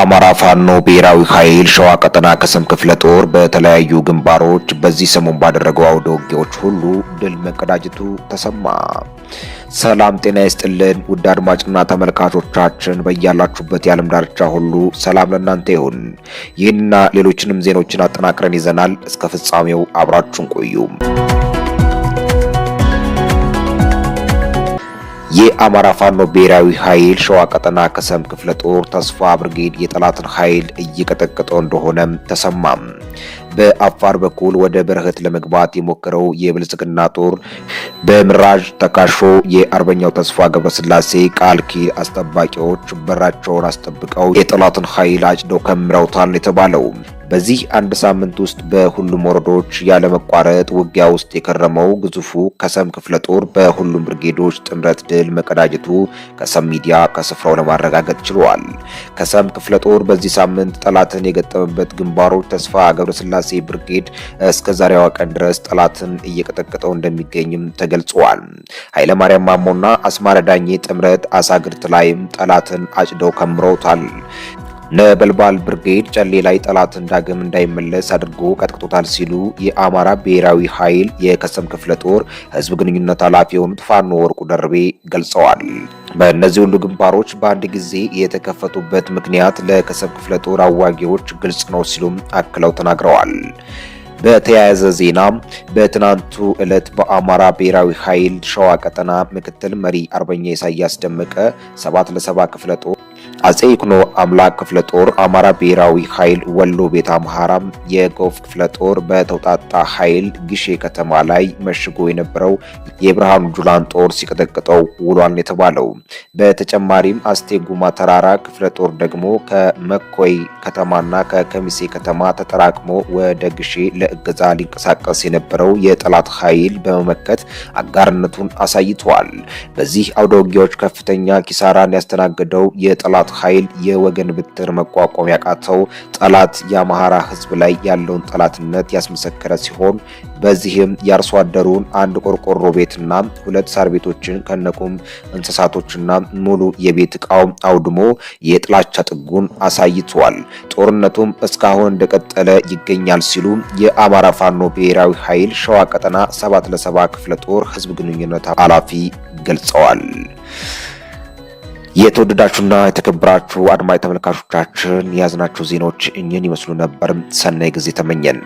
የአማራ ፋኖ ብሔራዊ ኃይል ሸዋ ቀጠና ከሰም ክፍለ ጦር በተለያዩ ግንባሮች በዚህ ሰሞን ባደረገው አውደ ውጊያዎች ሁሉ ድል መቀዳጀቱ ተሰማ። ሰላም ጤና ይስጥልን ውድ አድማጭና ተመልካቾቻችን በያላችሁበት የዓለም ዳርቻ ሁሉ ሰላም ለእናንተ ይሁን። ይህንና ሌሎችንም ዜናዎችን አጠናቅረን ይዘናል። እስከ ፍጻሜው አብራችሁን ቆዩ። የአማራ ፋኖ ብሔራዊ ኃይል ሸዋ ቀጠና ከሰም ክፍለ ጦር ተስፋ ብርጌድ የጠላትን ኃይል እየቀጠቀጠው እንደሆነም ተሰማም። በአፋር በኩል ወደ በረህት ለመግባት የሞከረው የብልጽግና ጦር በምራጅ ተካሾ የአርበኛው ተስፋ ገብረስላሴ ቃል ኪል አስጠባቂዎች በራቸውን አስጠብቀው የጠላትን ኃይል አጭደው ከምረውታል የተባለው በዚህ አንድ ሳምንት ውስጥ በሁሉም ወረዳዎች ያለመቋረጥ ውጊያ ውስጥ የከረመው ግዙፉ ከሰም ክፍለ ጦር በሁሉም ብርጌዶች ጥምረት ድል መቀዳጀቱ ከሰም ሚዲያ ከስፍራው ለማረጋገጥ ችሏል። ከሰም ክፍለ ጦር በዚህ ሳምንት ጠላትን የገጠመበት ግንባሮች ተስፋ ገብረስላሴ ብርጌድ እስከ ዛሬዋ ቀን ድረስ ጠላትን እየቀጠቀጠው እንደሚገኝም ተገልጿል። ኃይለማርያም ማሞና አስማረ ዳኜ ጥምረት አሳግርት ላይም ጠላትን አጭደው ከምረውታል። ነበልባል ብርጌድ ጨሌ ላይ ጠላትን ዳግም እንዳይመለስ አድርጎ ቀጥቅጦታል ሲሉ የአማራ ብሔራዊ ኃይል የከሰም ክፍለ ጦር ህዝብ ግንኙነት ኃላፊ የሆኑት ፋኖ ወርቁ ደርቤ ገልጸዋል። በእነዚህ ሁሉ ግንባሮች በአንድ ጊዜ የተከፈቱበት ምክንያት ለከሰም ክፍለ ጦር አዋጊዎች ግልጽ ነው ሲሉም አክለው ተናግረዋል። በተያያዘ ዜና በትናንቱ ዕለት በአማራ ብሔራዊ ኃይል ሸዋ ቀጠና ምክትል መሪ አርበኛ ኢሳያስ ደመቀ ሰባት ለሰባ ክፍለ ጦር አጼ ይኩኖ አምላክ ክፍለ ጦር አማራ ብሔራዊ ኃይል ወሎ ቤት አምሃራም የጎፍ ክፍለ ጦር በተውጣጣ ኃይል ግሼ ከተማ ላይ መሽጎ የነበረው የብርሃኑ ጁላን ጦር ሲቀጠቅጠው ውሏል የተባለው። በተጨማሪም አስቴ ጉማ ተራራ ክፍለ ጦር ደግሞ ከመኮይ ከተማና ከከሚሴ ከተማ ተጠራቅሞ ወደ ግሼ ለእገዛ ሊንቀሳቀስ የነበረው የጠላት ኃይል በመመከት አጋርነቱን አሳይቷል። በዚህ አውደ ውጊያዎች ከፍተኛ ኪሳራን ያስተናገደው የጠላት የጠላት ኃይል የወገን ብትር መቋቋም ያቃተው ጠላት የአማራ ህዝብ ላይ ያለውን ጠላትነት ያስመሰከረ ሲሆን በዚህም የአርሶ አደሩን አንድ ቆርቆሮ ቤትና ሁለት ሳር ቤቶችን ከነቁም እንስሳቶችና ሙሉ የቤት እቃው አውድሞ የጥላቻ ጥጉን አሳይቷል። ጦርነቱም እስካሁን እንደቀጠለ ይገኛል ሲሉ የአማራ ፋኖ ብሔራዊ ኃይል ሸዋ ቀጠና ለ7 ክፍለ ጦር ህዝብ ግንኙነት ኃላፊ ገልጸዋል። የተወደዳችሁና የተከበራችሁ አድማጭ ተመልካቾቻችን የያዝናቸው ዜናዎች እኝን ይመስሉ ነበር። ሰናይ ጊዜ ተመኘን።